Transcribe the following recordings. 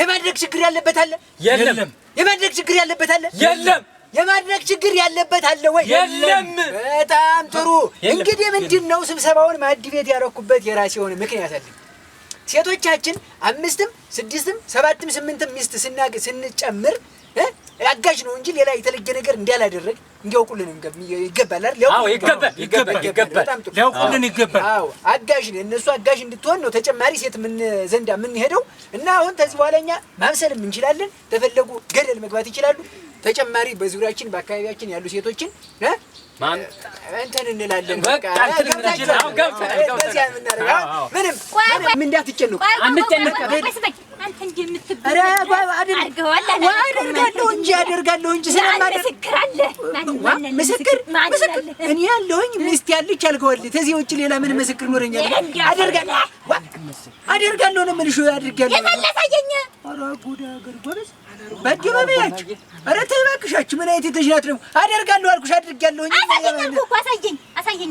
የማድረግ ችግር ያለበት አለ? የለም። የማድረግ ችግር ያለበት አለ? የለም። የማድረግ ችግር ያለበት አለ ወይ? የለም። በጣም ጥሩ። እንግዲህ ምንድን ነው ስብሰባውን ማዕድ ቤት ያረኩበት የራሴ የሆነ ምክንያት አለኝ። ሴቶቻችን አምስትም ስድስትም ሰባትም ስምንትም ሚስት ስናግ ስንጨምር አጋዥ ነው እንጂ ሌላ የተለየ ነገር እንዳላደረግ እንዲያውቁልን ይገባል አይደል? ሊያውቁልን ይገባል። አዎ አጋዥ ነው፣ እነሱ አጋዥ እንድትሆን ነው ተጨማሪ ሴት ምን ዘንዳ የምንሄደው እና አሁን ከዚህ በኋላ እኛ ማምሰልም እንችላለን። ተፈለጉ ገደል መግባት ይችላሉ። ተጨማሪ በዙሪያችን በአካባቢያችን ያሉ ሴቶችን እንትን እንላለን። በቃ ምንም እንዳትጨነቁ አንተ እንደምትባል አደርጋለሁ እንጂ አደርጋለሁ እንጂ ምስክር አለ። ምስክር እኔ ያለሁኝ ሚስት ያለች አልገዋለሁ። ከዚህ ውጭ ሌላ ምን ምስክር ኖረኛል? አደርጋለሁ አደርጋለሁ ነው የምልሽ። አደርጋለሁ የታላሳየኝ በአደባባያችሁ ኧረ ተይ እባክሻችሁ። ምን አይነት የተሽናት ደግሞ አደርጋለሁ አልኩሽ። አድርጋለሁ አሳየኝ እኮ አሳየኝ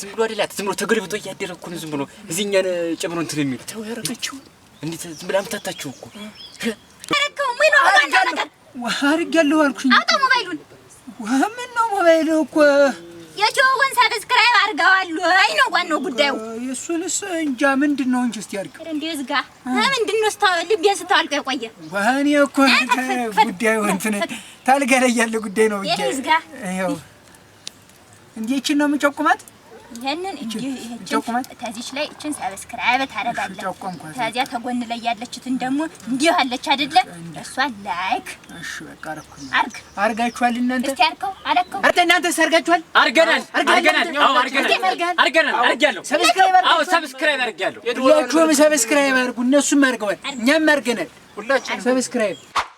ዝም ብሎ አይደላት ዝም ብሎ ተገልብጦ እያደረኩ ነው። ዝም ብሎ እዚህ እኛን ጨምሮ እንትን የሚል ተው ያረጋችሁ። እንዴት ዝም ብላ አምታታችሁ እኮ አድርጌያለሁ አልኩኝ። አውጣው ሞባይሉን። ምን ነው ሞባይሉ እኮ የጆውን ሰብስክራይብ አይ ነው ነው ጉዳዩ። የእሱንስ እንጃ ምንድን ነው እንጂ እስኪ አድርገው እንደ ዝጋ ምንድን ነው ልቤን ስታልቀ የቆየ እኔ እኮ ጉዳዩ እንትን ታልጋ ላይ ያለ ጉዳይ ነው ብዬሽ ዝጋ። እንዴ ይህችን ነው የምጨቁማት ይሄንን ተዚች ላይ እችን ሰብስክራይብ ታደርጋለህ። ከዚያ ተጎን ላይ ያለችትን ደግሞ እንዲህ አለች አይደለ? እሷን ላይክ አርግ አርጋችኋል። እናንተ እስኪ አርገው አንተ እናንተ ሰርጋችኋል። አርገናል አርገናል። አዎ አርገናል አርገናል። አርጋለሁ ሰብስክራይብ አዎ ሰብስክራይብ አርጋለሁ። ሰብስክራይብ አርጉ፣ እነሱም አርገዋል፣ እኛም አርገናል። ሁላችንም ሰብስክራይብ